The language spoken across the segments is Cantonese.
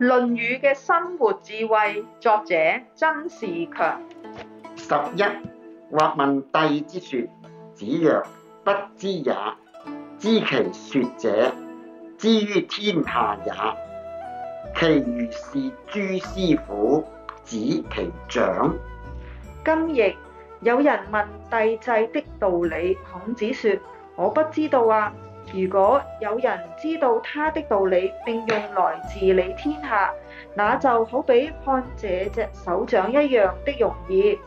《論語》嘅生活智慧，作者曾仕強。強十一，或問帝之說，子曰：不知也。知其說者，知於天下也。其如是，示諸斯乎，指其掌。今亦有人問帝制的道理，孔子說：我不知道啊。如果有人知道他的道理並用來治理天下，那就好比看這隻手掌一樣的容易。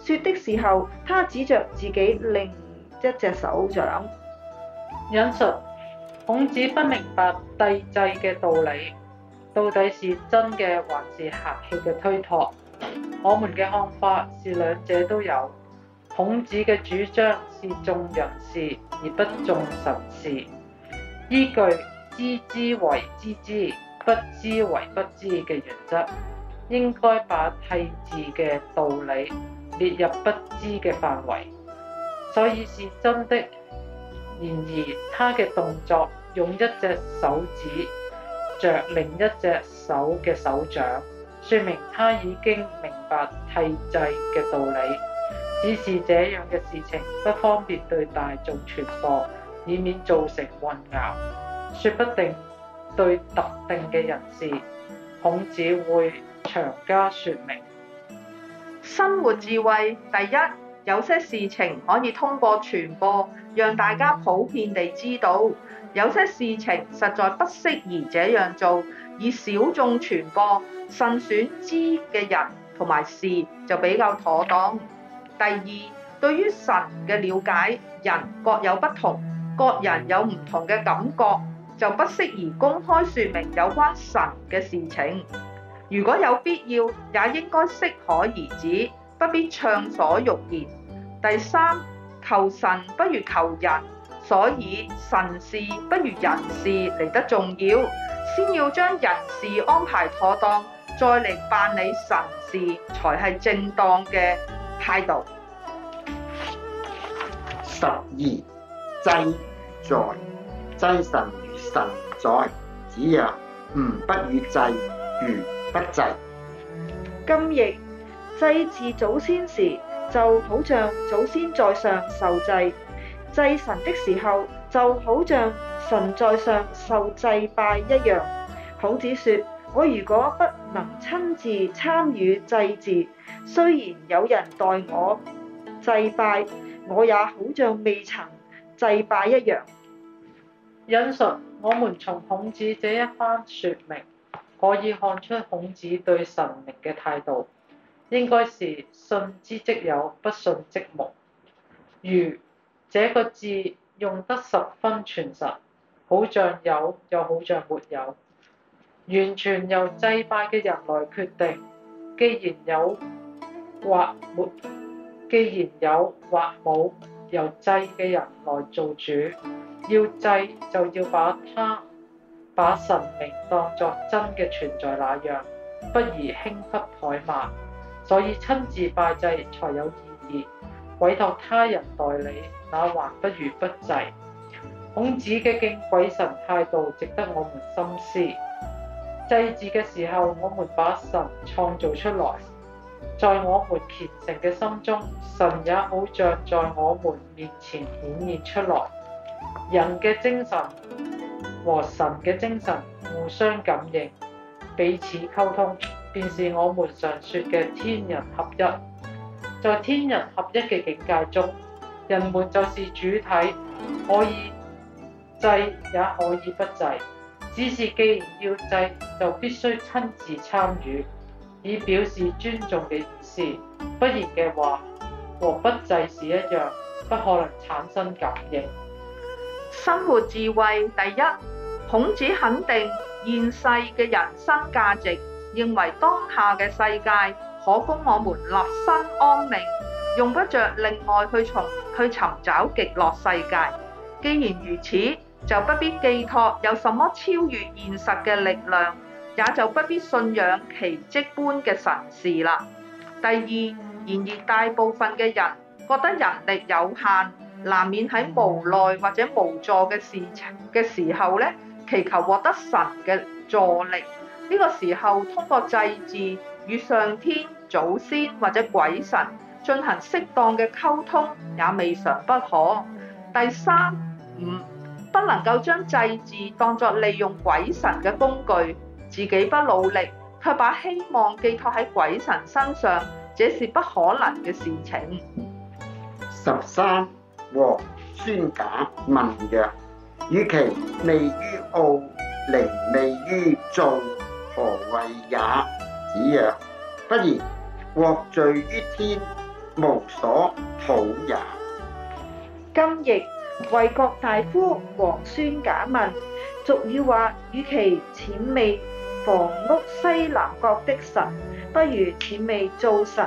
說的時候，他指着自己另一隻手掌。引述孔子不明白帝制嘅道理，到底是真嘅還是客氣嘅推託？我們嘅看法是兩者都有。孔子嘅主張是重人事而不重神事。依據知之為知之，不知為不知嘅原則，應該把禘字嘅道理列入不知嘅範圍。所以是真的。然而，他嘅動作用一隻手指着另一隻手嘅手掌，說明他已經明白禘制嘅道理。只是這樣嘅事情不方便對大眾傳播。以免造成混淆，說不定對特定嘅人士，孔子會詳加說明。生活智慧第一，有些事情可以通過傳播讓大家普遍地知道；有些事情實在不適宜這樣做，以小眾傳播、慎選知嘅人同埋事就比較妥當。第二，對於神嘅了解，人各有不同。各人有唔同嘅感覺，就不適宜公開說明有關神嘅事情。如果有必要，也應該適可而止，不必暢所欲言。第三，求神不如求人，所以神事不如人事嚟得重要。先要將人事安排妥當，再嚟辦理神事，才係正當嘅態度。十二。祭在，祭神如神在。子曰：吾不與祭，如不祭。今亦祭祀祖先時，就好像祖先在上受祭；祭神的時候，就好像神在上受祭拜一樣。孔子說：我如果不能親自參與祭祀，雖然有人代我祭拜，我也好像未曾。祭拜一樣。引述，我們從孔子這一番説明，可以看出孔子對神明嘅態度，應該是信之即有，不信即無。如這個字用得十分傳神，好像有又好像沒有，完全由祭拜嘅人來決定。既然有或沒，既然有或冇。由祭嘅人來做主要祭，就要把他把神明當作真嘅存在那樣，不宜輕忽怠慢。所以親自拜祭才有意義，委託他人代理，那還不如不祭。孔子嘅敬鬼神態度值得我們深思。祭祀嘅時候，我們把神創造出來。在我們虔誠嘅心中，神也好像在我們面前顯現出來。人嘅精神和神嘅精神互相感應，彼此溝通，便是我們常說嘅天人合一。在天人合一嘅境界中，人們就是主體，可以祭，也可以不祭。只是既然要祭，就必須親自參與。以表示尊重嘅意思，不然嘅話和不祭是一樣，不可能產生感應。生活智慧第一，孔子肯定現世嘅人生價值，認為當下嘅世界可供我們立身安命，用不着另外去從去尋找極樂世界。既然如此，就不必寄託有什麼超越現實嘅力量。也就不必信仰奇蹟般嘅神事啦。第二，然而大部分嘅人覺得人力有限，難免喺無奈或者無助嘅事情嘅時候呢，祈求獲得神嘅助力。呢、這個時候通過祭祀與上天、祖先或者鬼神進行適當嘅溝通，也未嘗不可。第三，唔、嗯、不能夠將祭祀當作利用鬼神嘅工具。自己不努力，卻把希望寄託喺鬼神身上，這是不可能嘅事情。十三王孫賈問曰：，與其媚於奧，寧媚於竈，何謂也？子曰：，不然，獲罪於天，無所禱也。今亦衛國大夫王孫賈問，俗語話：，與其淺媚。房屋西南角的神，不如此媚灶神，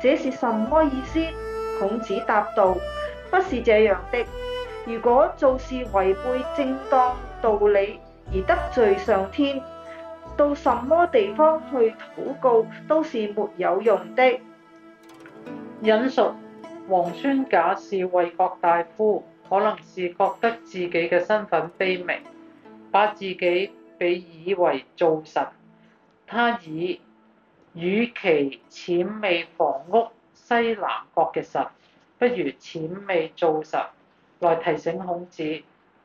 這是什麼意思？孔子答道：不是這樣的。如果做事違背正當道理而得罪上天，到什麼地方去禱告都是沒有用的。引述王孫賈是衛國大夫，可能是覺得自己嘅身份卑微，把自己。你以為灶神，他以與其諂媚房屋西南角嘅神，不如諂媚灶神，來提醒孔子。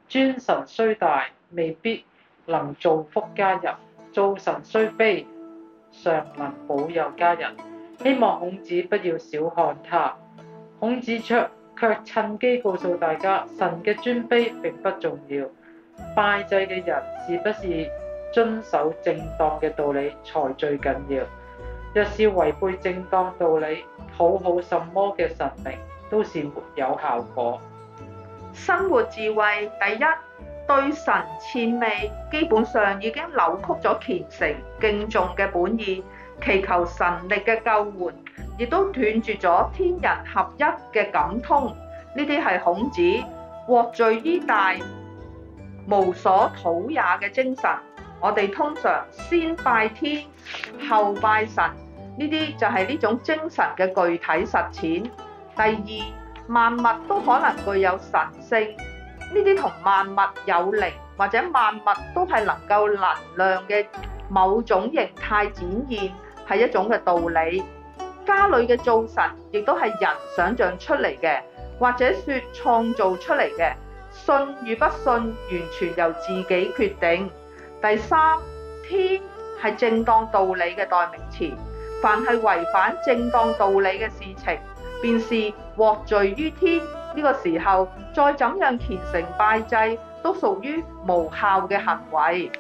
尊神雖大，未必能造福家人；灶神雖卑，尚能保佑家人。希望孔子不要小看他。孔子卻卻趁機告訴大家，神嘅尊卑並不重要。拜祭嘅人是不是遵守正當嘅道理才最緊要？若是違背正當道理，討好，好什麼嘅神明都是沒有效果。生活智慧第一，對神諂媚，基本上已經扭曲咗虔誠敬重嘅本意，祈求神力嘅救援，亦都斷絕咗天人合一嘅感通。呢啲係孔子獲罪於大無所禱也嘅精神，我哋通常先拜天，後拜神，呢啲就係呢種精神嘅具體實踐。第二，萬物都可能具有神性，呢啲同萬物有靈或者萬物都係能夠能量嘅某種形態展現，係一種嘅道理。家裏嘅灶神亦都係人想象出嚟嘅，或者說創造出嚟嘅。信與不信，完全由自己決定。第三，天係正當道理嘅代名詞，凡係違反正當道理嘅事情，便是獲罪於天。呢個時候，再怎樣虔誠拜祭，都屬於無效嘅行為。